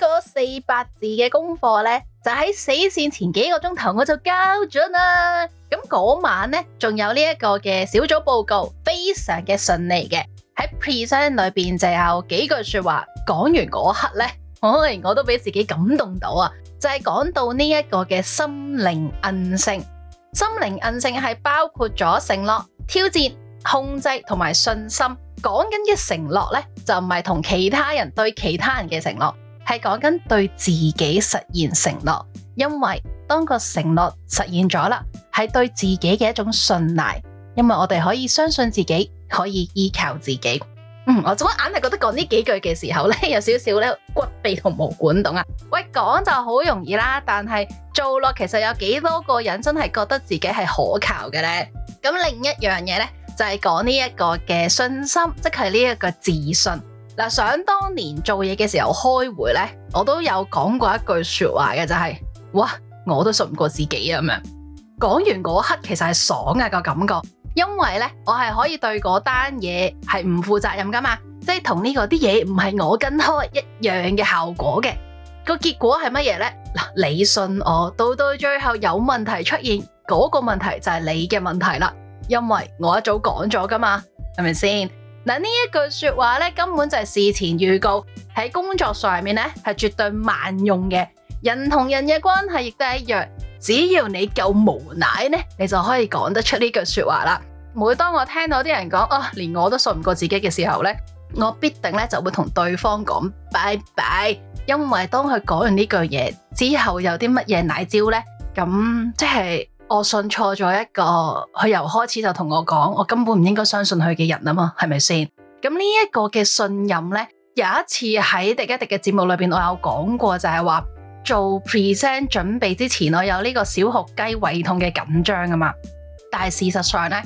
個四百字嘅功課呢，就喺死線前幾個鐘頭我就交咗啦。咁嗰晚呢，仲有呢一個嘅小組報告，非常嘅順利嘅喺 present 裏邊就有幾句說話，講完嗰刻呢，我、哎、我都俾自己感動到啊！就係、是、講到呢一個嘅心靈韌性，心靈韌性係包括咗承諾、挑戰、控制同埋信心。講緊嘅承諾呢，就唔係同其他人對其他人嘅承諾。係講緊對自己實現承諾，因為當個承諾實現咗啦，係對自己嘅一種信賴，因為我哋可以相信自己，可以依靠自己。嗯，我做乜硬係覺得講呢幾句嘅時候咧， 有少少咧骨痹同毛管棟呀。喂，講就好容易啦，但係做落其實有幾多個人真係覺得自己係可靠嘅呢？咁另一樣嘢咧，就係講呢一個嘅信心，即係呢一個自信。嗱，想當年做嘢嘅時候開會呢，我都有講過一句說話嘅就係、是，哇，我都信唔過自己咁、啊、樣。講完嗰刻其實係爽啊、個感覺，因為呢，我係可以對嗰單嘢係唔負責任噶嘛，即係同呢個啲嘢唔係我跟開一樣嘅效果嘅。個結果係乜嘢呢？嗱，你信我，到到最後有問題出現，嗰、個問題就係你嘅問題啦，因為我一早講咗噶嘛，係咪先？嗱，呢一句說話咧，根本就係事前預告，喺工作上面咧係絕對萬用嘅。人同人嘅關係亦都係一樣，只要你夠無賴咧，你就可以講得出呢句說話啦。每當我聽到啲人講，哦，連我都信唔過自己嘅時候咧，我必定咧就會同對方講拜拜，因為當佢講完呢句嘢之後，有啲乜嘢奶招咧，咁即係。我信錯咗一個，佢由開始就同我講，我根本唔應該相信佢嘅人啊嘛，係咪先？咁呢一個嘅信任呢，有一次喺《迪一迪》嘅節目裏邊，我有講過就，就係話做 present 準，準備之前，我有呢個小學雞胃痛嘅緊張啊嘛。但係事實上呢，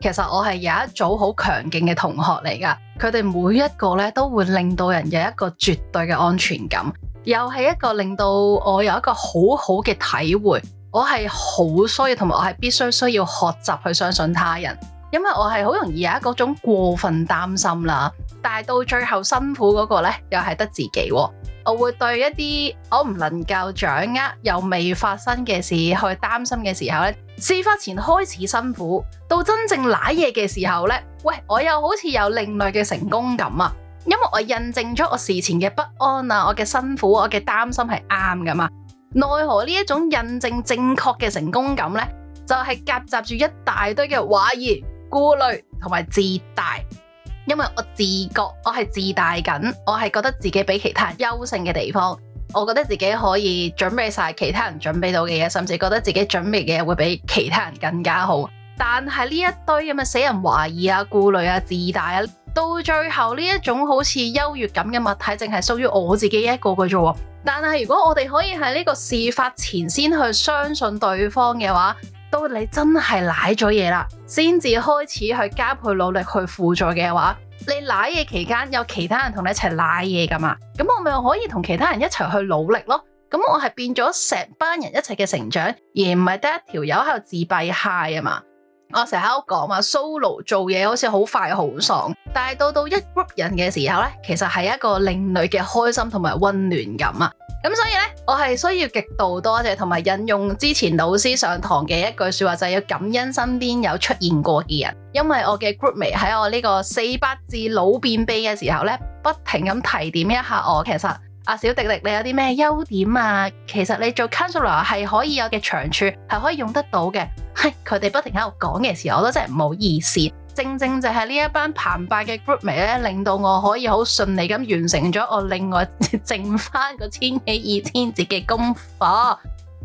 其實我係有一組好強勁嘅同學嚟噶，佢哋每一個呢，都會令到人有一個絕對嘅安全感，又係一個令到我有一個好好嘅體會。我係好需要，同埋我係必須需要學習去相信他人，因為我係好容易有一種過分擔心啦。但係到最後辛苦嗰個呢，又係得自己。我會對一啲我唔能夠掌握又未發生嘅事去擔心嘅時候呢，事發前開始辛苦，到真正瀨嘢嘅時候呢，喂，我又好似有另類嘅成功感啊！因為我印證咗我事前嘅不安啊，我嘅辛苦，我嘅擔心係啱㗎嘛。奈何呢一種印證正確嘅成功感呢，就係夾雜住一大堆嘅懷疑、顧慮同埋自大。因為我自覺我係自大緊，我係覺得自己比其他人優勝嘅地方，我覺得自己可以準備晒其他人準備到嘅嘢，甚至覺得自己準備嘅嘢會比其他人更加好。但係呢一堆咁嘅死人懷疑啊、顧慮啊、自大啊，到最後呢一種好似優越感嘅物體，淨係屬於我自己一個個啫喎。但係如果我哋可以喺呢個事發前先去相信對方嘅話，到你真係舐咗嘢啦，先至開始去加倍努力去輔助嘅話，你舐嘢期間有其他人同你一齊舐嘢噶嘛？咁我咪可以同其他人一齊去努力咯。咁我係變咗成班人一齊嘅成長，而唔係得一條友喺度自閉 high 啊嘛。我成日喺度講啊，solo 做嘢好似好快好爽，但係到到一 group 人嘅時候咧，其實係一個另類嘅開心同埋溫暖感啊。咁所以咧，我係需要極度多謝同埋引用之前老師上堂嘅一句說話，就係、是、要感恩身邊有出現過嘅人。因為我嘅 groupmate 喺我呢個四百字老便秘嘅時候咧，不停咁提點一下我。其實阿、啊、小迪迪你有啲咩優點啊？其實你做 counselor 係可以有嘅長處，係可以用得到嘅。佢哋不停喺度講嘅時候，我都真係唔好意思。正正就係呢一班澎湃嘅 groupmate 咧，令到我可以好順利咁完成咗我另外剩翻個千幾二千字嘅功課。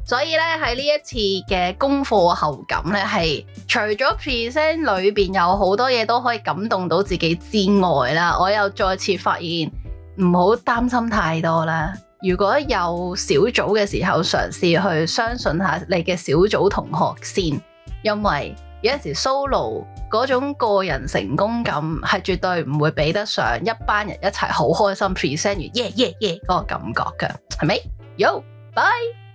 所以咧，喺呢一次嘅功課後感咧，係除咗 present 裏邊有好多嘢都可以感動到自己之外啦，我又再次發現唔好擔心太多啦。如果有小組嘅時候，嘗試去相信下你嘅小組同學先，因為有陣時 solo 嗰種個人成功感係絕對唔會比得上一班人一齊好開心 present 完 yeah yeah yeah 嗰個感覺嘅，係咪？Yo，bye。Yo, bye!